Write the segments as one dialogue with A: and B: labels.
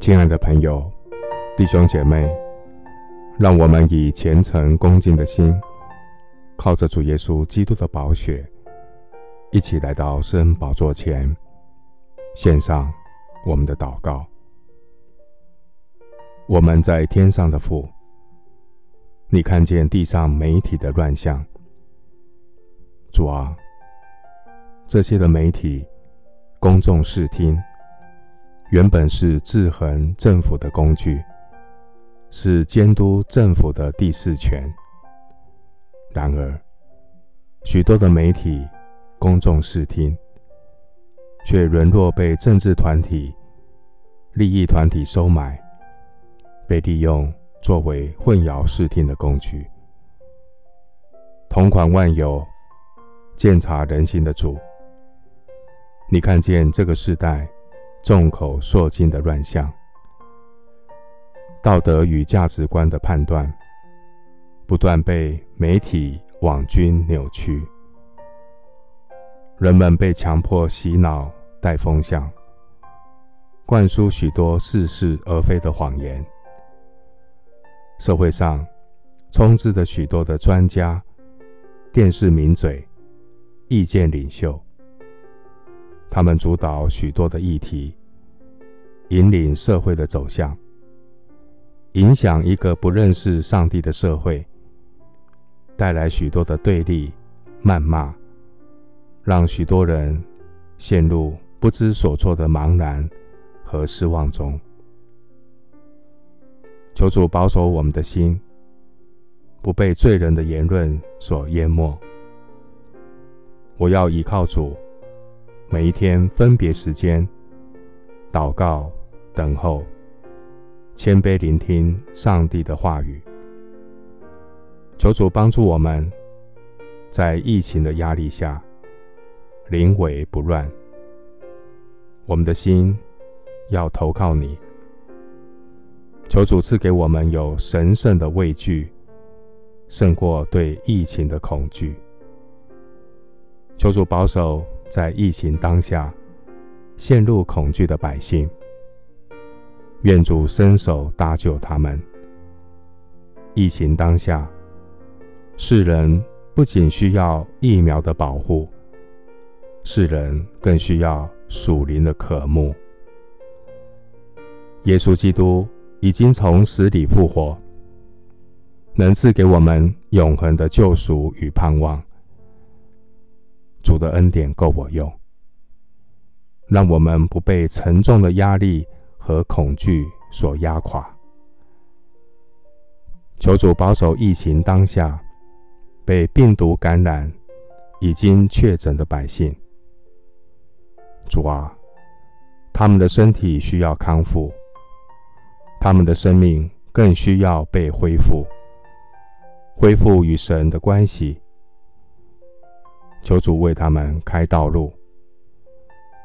A: 親愛的朋友、弟兄姐妹，讓我們以虔誠恭敬的心，靠着主耶穌基督的寶血，一起來到施恩寶座前，獻上我們的禱告。我們在天上的父，你看見地上媒體的亂象，主啊，這些的媒體、公眾視聽。原本是制衡政府的工具，是監督政府的第四權。然而，許多的媒體、公眾視聽，卻淪落被政治團體、利益團體收買，被利用作為混淆視聽的工具。同款萬有，鑒察人心的主，你看見這個時代，眾口鑠金的亂象，道德與價值觀的判斷不斷被媒體網軍扭曲，人們被強迫洗腦、帶風向，灌輸許多似是而非的謊言。社會上充斥着許多的專家、電視名嘴、意見領袖。他們主導許多的議題，引領社會的走向，影響一個不認識上帝的社會，帶來許多的對立、謾罵，讓許多人陷入不知所措的茫然和失望中。求主保守我們的心，不被罪人的言論所淹沒。我要依靠主。每一天分別時間，禱告、等候、謙卑聆聽上帝的話語，求主幫助我們在疫情的壓力下臨危不亂。我們的心要投靠你，求主賜給我們有神聖的畏懼，勝過對疫情的恐懼。求主保守。在疫情當下，陷入恐懼的百姓，願主伸手搭救他們。疫情當下，世人不僅需要疫苗的保護，世人更需要屬靈的渴慕。耶穌基督已經從死裡復活，能賜給我們永恆的救贖與盼望。主的恩典夠我用，讓我們不被沉重的壓力和恐懼所壓垮。求主保守疫情當下被病毒感染、已經確診的百姓。主啊，他們的身體需要康復，他們的生命更需要被恢復，恢復與神的關係。求主為他們開道路，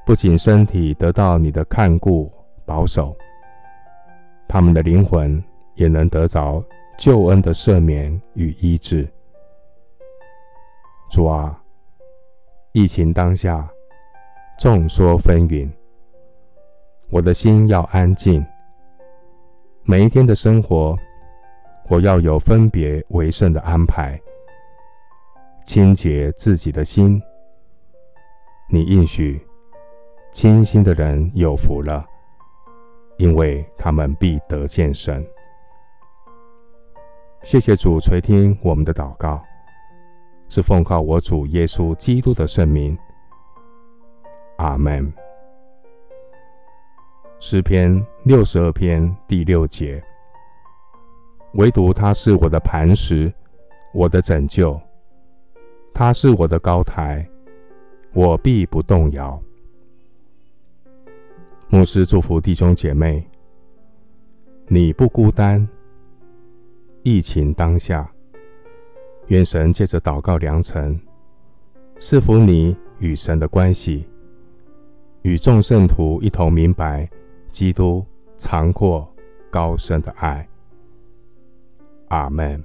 A: 不僅身體得到你的看顧、保守，他們的靈魂也能得着救恩的赦免與醫治。主啊，疫情當下，眾說紛紜，我的心要安靜。每一天的生活，我要有分別為聖的安排。清潔自己的心，你應許，清心的人有福了，因為他們必得見神。謝謝主垂聽我們的禱告，是奉靠我主耶穌基督的聖名。阿門。詩篇六十二篇第六節，唯獨他是我的磐石，我的拯救。他是我的高臺，我必不動搖。牧師祝福弟兄姐妹，你不孤單。疫情當下，願神借着禱告良辰，賜福你與神的關係，與眾聖徒一同明白基督長闊高深的愛。阿門。